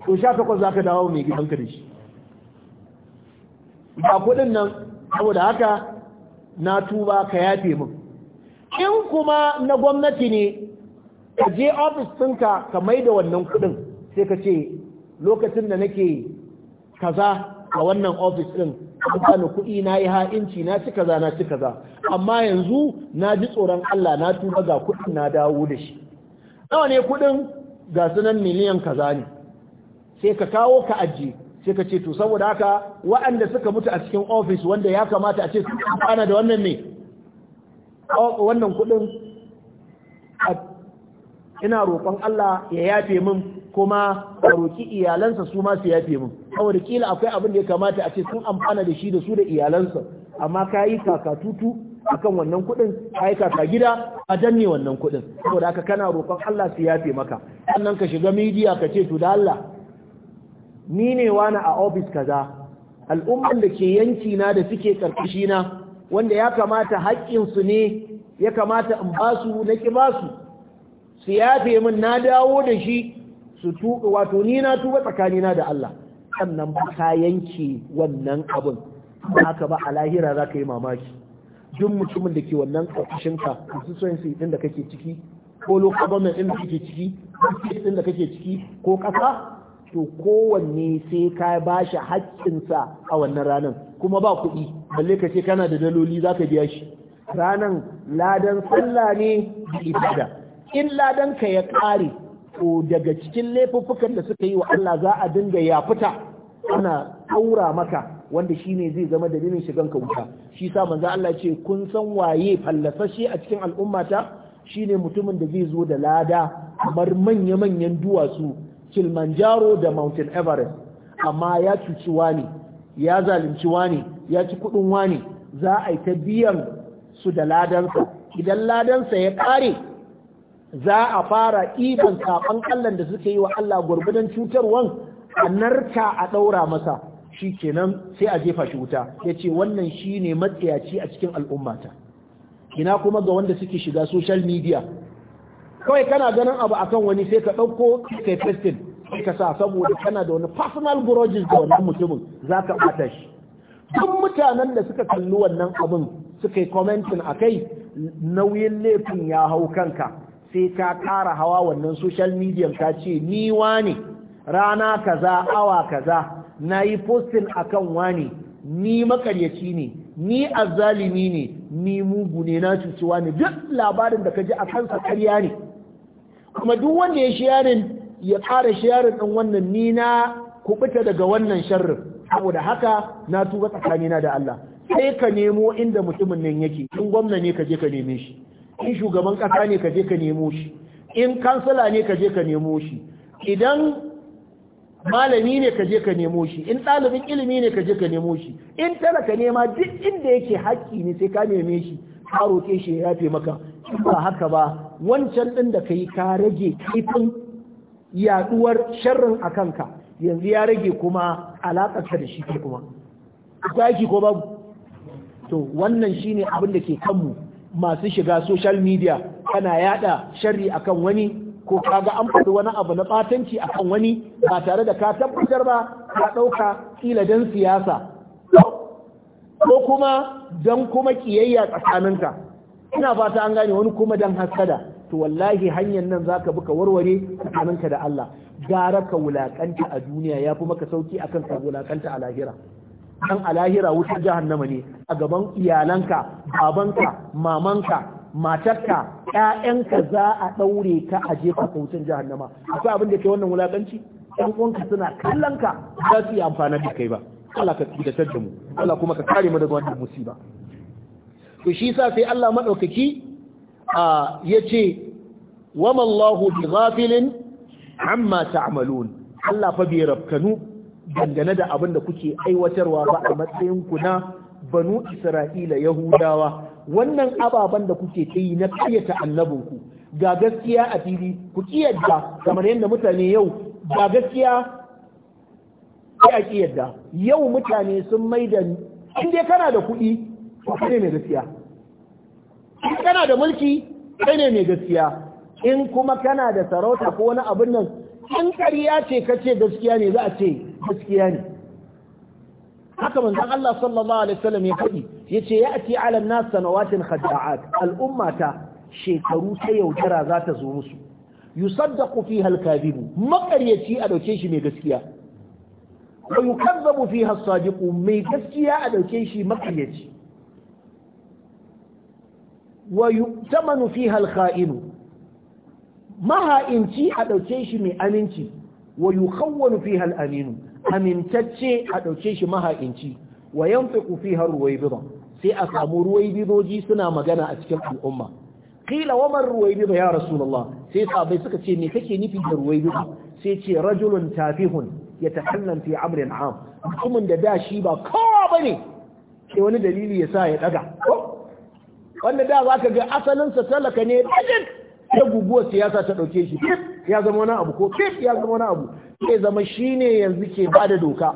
to sha takwas za ka dawo mai gidanka da shi ba kudin nan saboda haka na tuba ka yafe min in kuma na gwamnati ne ka je ofis ɗinka ka mai da wannan kudin, sai ka ce lokacin da nake kaza a wannan ofis ɗin an kuɗi na yi ha'inci na ci kaza na ci kaza amma yanzu na ji tsoron Allah na tuba ga kudin na dawo da shi nawa ne kudin ga sunan miliyan kaza ne sai ka kawo ka ajiye sai ka ce to saboda haka waɗanda suka mutu a cikin ofis wanda ya kamata a ce su amfana da wannan ne wannan kuɗin ina roƙon Allah ya yafe min kuma a roƙi iyalansa su ma su yafe min saboda kila akwai abin da ya kamata a ce sun amfana da shi da su da iyalansa amma ka yi kaka tutu akan wannan kuɗin ka yi kaka gida a danne wannan kuɗin saboda haka kana roƙon Allah su yafe maka sannan ka shiga midiya ka ce to da Allah ni ne wani a ofis kaza al'umman da ke yanki na da suke karkashi na wanda ya kamata haƙƙinsu ne ya kamata in ba su na ki ba su su yafe min na dawo da shi su tuɓe wato ni na tuba na da Allah sannan ba ka yanke wannan abin haka ba a lahira za ka yi mamaki duk mutumin da ke wannan ƙarƙashinka constituency ɗin da kake ciki ko lokacin da kake ciki ko da kake ciki ko ƙasa to kowanne sai ka ba shi haƙƙinsa a wannan ranar kuma ba kuɗi balle ka ce kana da daloli za ka biya shi ranar ladan sallah ne da ibada in ladan ka ya ƙare to daga cikin laifuffukan da suka yi wa Allah za a dinga ya fita ana aura maka wanda shi ne zai zama dalilin shigan ka wuta shi sa manzo Allah ce kun san waye fallasashe a cikin al'ummata shine mutumin da zai zo da lada kamar manya-manyan duwatsu kilimanjaro da mountain everest amma ya cuci wani ya zalunci wani ya ci kudin wani za a yi ta biyan su da ladansa idan ladansa ya ƙare, za a fara ikon kafan Allah da suka yi wa Allah gurgudan cutarwan a narka a ɗaura masa shi kenan sai a jefa shi wuta ya ce wannan shi ne matsayaci a cikin al'ummata ina kuma ga wanda suke shiga social media kawai kana ganin abu akan wani sai ka ɗauko kai festin sai ka sa saboda kana da wani personal grudges da wannan mutumin za ka ɓata shi duk mutanen da suka kalli wannan abin suka yi commenting a kai nauyin laifin ya hau kanka sai ka ƙara hawa wannan social media ka ce ni wane rana kaza awa kaza na yi postin akan wane ni makaryaci ne ni azzalimi ne ni mugu ne na cuci wane duk labarin da ka ji a kansa karya ne kuma duk wanda ya shiyarin ya fara shiyarin din wannan nina na kubuta daga wannan sharrin saboda haka na tuba tsakanina da Allah sai ka nemo inda mutumin nan yake in gwamna ne ka je ka neme shi in shugaban ƙasa ne ka je ka nemo shi in kansala ne ka je ka nemo shi idan malami ne ka je ka nemo shi in ɗalibin ilimi ne ka je ka nemo shi in talaka nema duk inda yake haƙƙi ne sai ka neme shi ka roƙe shi ya yafe maka ba haka ba wancan ɗin da ka yi ka rage kaifin yaduwar sharrin a kanka yanzu ya rage kuma alaƙarka da shi ke kuma aiki ko babu to wannan shine abin da ke kanmu masu shiga social media kana yada sharri akan wani ko kaga an faɗi wani abu na ɓatanci akan wani ba tare da ka tabbatar ba ka ɗauka kila don siyasa ko kuma don kuma ƙiyayya tsakaninka ina fata an gane wani kuma dan haskada, to wallahi hanyar nan zaka bi ka warware tsakaninka da Allah gara ka wulakanta a duniya yafi maka sauki akan ka wulakanta a lahira an a lahira wutar jahannama ne a gaban iyalanka babanka mamanka matarka 'ya'yanka za a ɗaure ka a jefa kautan jahannama akwai abin da ke wannan wulakanci ɗan uwanka suna kallon ka za su yi amfana da kai ba Allah ka tsidatar da mu Allah kuma ka kare mu daga wannan musiba to shi sa sai Allah maɗaukaki a ya ce wamallahu Allahu bi ghafilin amma ta'malun Allah fa bai rafkanu dangane da abin da kuke aiwatarwa ba a matsayin ku na banu Isra'ila Yahudawa wannan ababen da kuke ta yi na kayyata annabinku ga gaskiya a fili ku kiyarda kamar yadda mutane yau ga gaskiya sai a kiyarda yau mutane sun maida in dai kana da kuɗi kai ne mai gaskiya in kana da mulki kai ne mai gaskiya in kuma kana da sarauta ko wani abin nan in ƙarya ce kace gaskiya ne za a ce gaskiya ne haka manzo Allah sallallahu alaihi wasallam ya faɗi yace ya'ti 'ala an-nas sanawatin khada'at al-ummata shekaru ta yaudara za ta zo musu yusaddaqu fiha al-kadhibu maƙaryaci a dauke shi mai gaskiya wa yukazzabu fiha as-sadiqu mai gaskiya a dauke shi maƙaryaci wa yu'tamanu fiha al-kha'inu maha'inci a dauke shi mai aminci wa yukhawwanu fiha al-aminu amintacce a dauke shi maha'inci wa yanfiqu fiha ruwaybida sai a samu ruwaybidoji suna magana a cikin al'umma qila wamar man ruwaybida ya rasulullah sai sahabbai suka ce me kake nufi da ruwaybida sai ce rajulun tafihun ya fi amrin am mutumin da da shi ba kowa bane sai wani dalili ya sa ya ɗaga. wanda da za ka ga asalinsa talaka ne dajin ta guguwar siyasa ta ɗauke shi ya zama wani abu ko ya zama wani abu ke zama shi ne yanzu ke ba da doka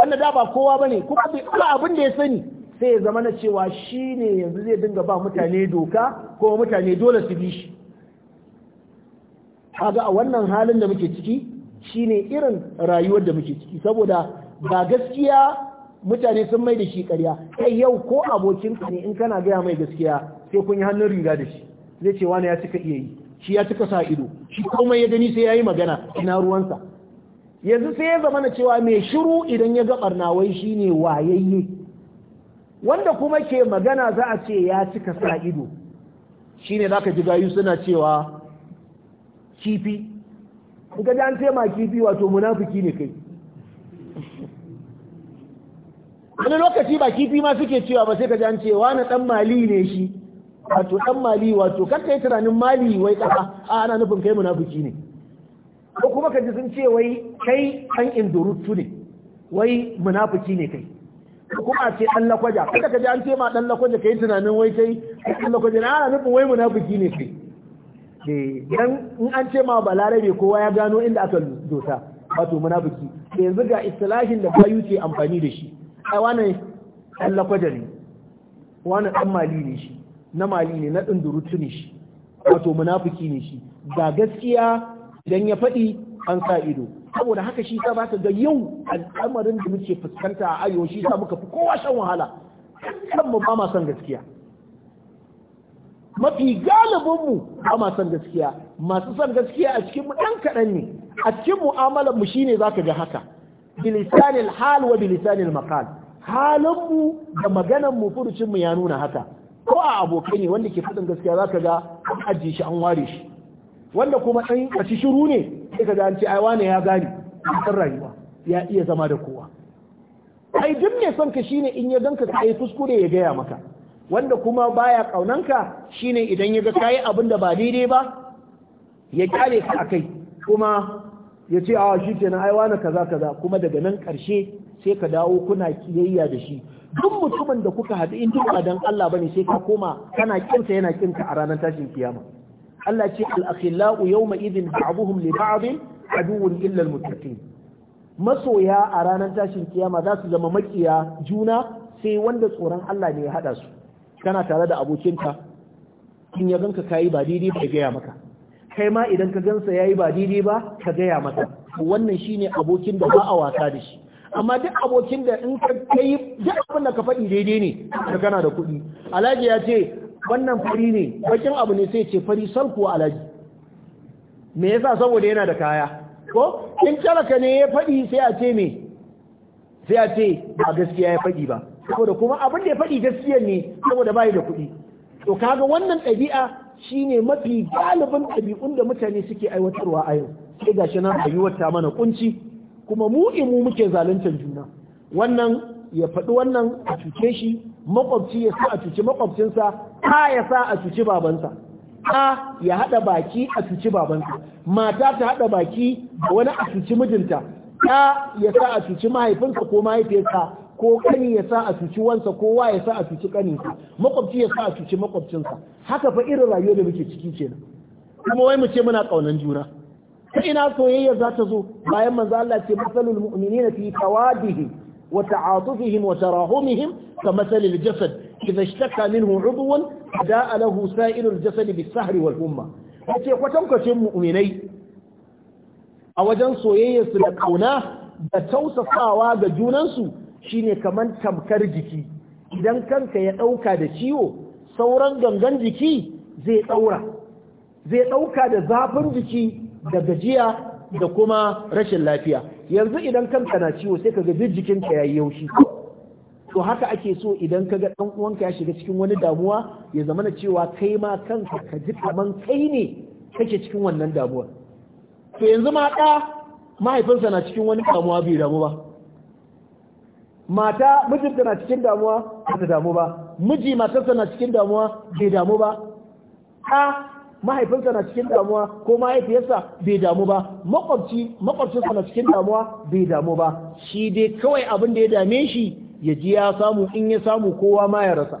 wanda da ba kowa ba ne kuma bai abin da ya sani sai ya zama na cewa shi ne yanzu zai dinga ba mutane doka ko mutane dole su bi shi kaga a wannan halin da muke ciki shine irin rayuwar da muke ciki saboda ba gaskiya mutane sun mai da shi ƙarya kai yau ko abokin ka ne in kana gaya mai gaskiya sai kun yi hannun riga da shi zai ce wani ya cika iya yi shi ya cika sa ido shi komai ya gani sai ya yi magana ina ruwansa yanzu sai ya zama na cewa mai shiru idan ya ga barnawai shine wayayye wanda kuma ke magana za a ce ya cika sa ido shine zaka ji gayu suna cewa kifi in ka ji an tema kifi wato munafiki ne kai wani lokaci ba kifi ma suke cewa ba sai ka jan an ce wani dan mali ne shi wato dan mali wato kar kai tunanin mali wai kasa a ana nufin kai munafiki ne ko kuma ka ji sun ce wai kai kan indurutu ne wai munafiki ne kai ko kuma ce dan lakwaja kada ka ji an ce ma dan lakwaja kai tunanin wai kai dan lakwaja na ana nufin wai munafiki ne kai eh dan in an ce ma balarabe kowa ya gano inda aka dosa wato munafiki yanzu ga istilahin da bayu ke amfani da shi A wani ɗan ɗan mali ne shi na mali ne na ne shi wato munafiki ne shi ga gaskiya idan ya faɗi an sa ido saboda haka shi sa baka ga yau al'amarin da muke fuskanta a ayo shi sa muka fi kowa shan wahala kan mu ba ma son gaskiya mafi galibin mu ba ma son gaskiya masu son gaskiya a cikin mu ɗan kaɗan ne a cikin mu'amalar mu shine zaka ga haka bilisanil hal wa bilisanil maqal halinmu da maganarmu furucinmu ya nuna haka ko a abokai ne wanda ke faɗin gaskiya za ka ga an ajiye shi an ware shi wanda kuma ɗan kaci shiru ne sai ka ga an ce ai wane ya gane san rayuwa ya iya zama da kowa ai duk mai son ka shine in ya ganka ka yi kuskure ya gaya maka wanda kuma baya kaunanka shine idan ya ga kayi abin da ba daidai ba ya kyale ka akai kuma ya ce a ah, shi kenan ai na kaza kaza kuma daga nan karshe sai ka dawo kuna kiyayya da shi duk mutumin da kuka haɗu in ba dan Allah bane sai ka koma kana kinsa yana kinka a ranar tashin kiyama Allah ce al-akhillau yawma idhin ba'dhum li ba'd aduwwun illa al-muttaqin masoya a ranar tashin kiyama za su zama makiya juna sai wanda tsoron Allah ne ya hada su kana tare da abokinka in ya ganka kayi ba daidai ba ya gaya maka kai ma idan ka gansa yi ba daidai ba ka gaya masa wannan shine abokin da ba a wasa da shi amma duk abokin da in ka kai duk abin da ka faɗi daidai ne ka gana da kuɗi alhaji ya ce wannan fari ne bakin abu ne sai ce fari salko alhaji me yasa saboda yana da kaya ko in talaka ne ya faɗi sai a ce me sai a ce ba gaskiya ya faɗi ba saboda kuma abin da ya faɗi gaskiya ne saboda bai da kuɗi to kaga wannan ɗabi'a shine mafi galibin ɗabi'un da mutane suke aiwatarwa a yau sai gashi nan a yi wata mana kunci kuma mu mu muke zaluntar juna wannan ya faɗi wannan a cuce shi makwabci ya sa a cuci makwabcinsa ta ya sa a cuci babansa ta ya haɗa baki a cuci babansa mata ta haɗa baki da wani a cuci mijinta ta ya sa a cuci mahaifinsa ko mahaifiyarsa ko kani ya sa a cuci wansa kowa ya sa a cuci kaninsa makwabci ya sa a cuci makwabcinsa haka fa irin rayuwar da muke ciki kenan kuma wai mu ce muna kaunan juna ta ina soyayya za ta zo bayan manzo Allah ce masalul mu'minina fi tawadihim wa ta'atufihim wa tarahumihim ka masalil jasad idza ishtaka minhu 'udwan da'a lahu sa'irul jasad bis sahri wal humma yace kwatankwacin mu'minai a wajen su da kauna da tausasawa ga junansu shine kaman tamkar jiki idan kanka ya ɗauka da ciwo sauran gangan jiki zai ɗaura zai ɗauka da zafin jiki da gajiya da kuma rashin lafiya yanzu idan kanka na ciwo sai ka ga duk jikinka yayi yaushi to haka ake so idan ka ga ɗan uwanka ya shiga cikin wani damuwa ya zama na cewa kai ma kanka ka ji kaman kai ne kake cikin wannan damuwa to yanzu ma da mahaifinsa na cikin wani damuwa bai damu ba mata mijinta na cikin damuwa ba ta damu ba miji matarsa na cikin damuwa bai damu ba ɗa mahaifinsa na cikin damuwa ko mahaifiyarsa bai damu ba makwabci makwabcinsa na cikin damuwa bai damu ba shi dai kawai abin da ya dame shi ya ji ya samu in ya samu kowa ma ya rasa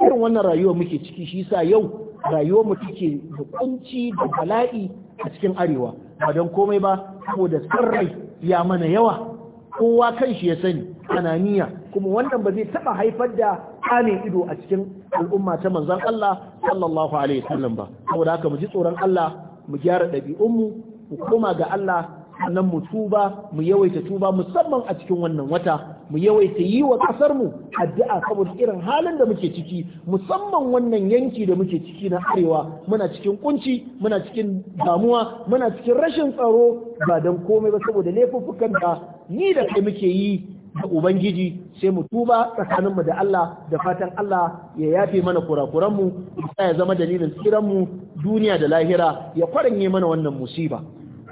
irin wannan rayuwa muke ciki shi sa yau rayuwar mu take da kunci da bala'i a cikin arewa ba don komai ba saboda sarrai ya mana yawa kowa kan shi ya sani ananiya kuma wannan ba zai taba haifar da kame ido a cikin al'umma ta manzon Allah sallallahu alaihi wasallam ba saboda haka mu ji tsoron Allah mu gyara ɗabi'unmu mu koma ga Allah sannan mu tuba mu yawaita tuba musamman a cikin wannan wata mu yawaita yi wa kasar mu addu'a saboda irin halin da muke ciki musamman wannan yanki da muke ciki na arewa muna cikin kunci muna cikin damuwa muna cikin rashin tsaro ba dan komai ba saboda laifuffukan da ni da kai muke yi da ubangiji sai mu tuba tsakaninmu da Allah da fatan Allah ya yafe mana kurakuranmu ya zama dalilin tsiranmu duniya da lahira ya kwaranye mana wannan musiba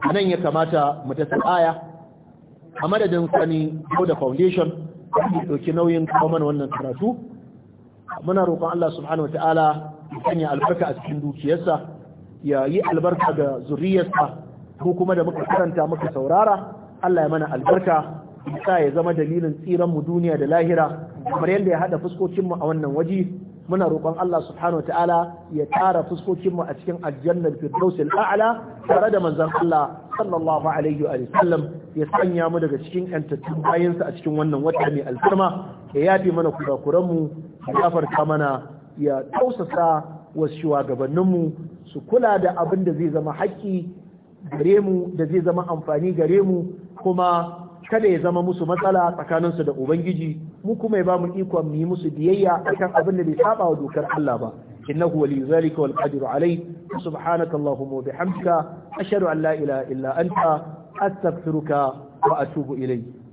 A nan ya kamata mu ta aya a madadin sani ko da foundation ya dauki nauyin kawo mana wannan karatu muna roƙon Allah subhanahu ta'ala ya sanya albarka a cikin dukiyarsa ya yi albarka ga zuriyarsa ko kuma da muka karanta muka saurara Allah ya mana albarka sa ya zama dalilin tsiran mu duniya da lahira kamar yadda ya hada fuskokin mu a wannan waje muna roƙon Allah subhanahu wa ta'ala ya tara fuskokin mu a cikin aljannar firdaus a'la tare da manzon Allah sallallahu alaihi wa sallam ya sanya mu daga cikin yantattun bayansa a cikin wannan wata mai alfarma ya yafi mana kurakuran mu ya gafarta mana ya tausasa wa shugabannin mu su kula da abin da zai zama haƙƙi gare mu da zai zama amfani gare mu kuma kada ya zama musu matsala tsakaninsu da ubangiji mu kuma ya bamu ikon mu yi musu biyayya akan abin da bai saba wa dokar Allah ba innahu wali zalika wal qadiru alayh subhanaka allahumma wa bihamdika ashhadu an la ilaha illa anta astaghfiruka wa atubu ilayk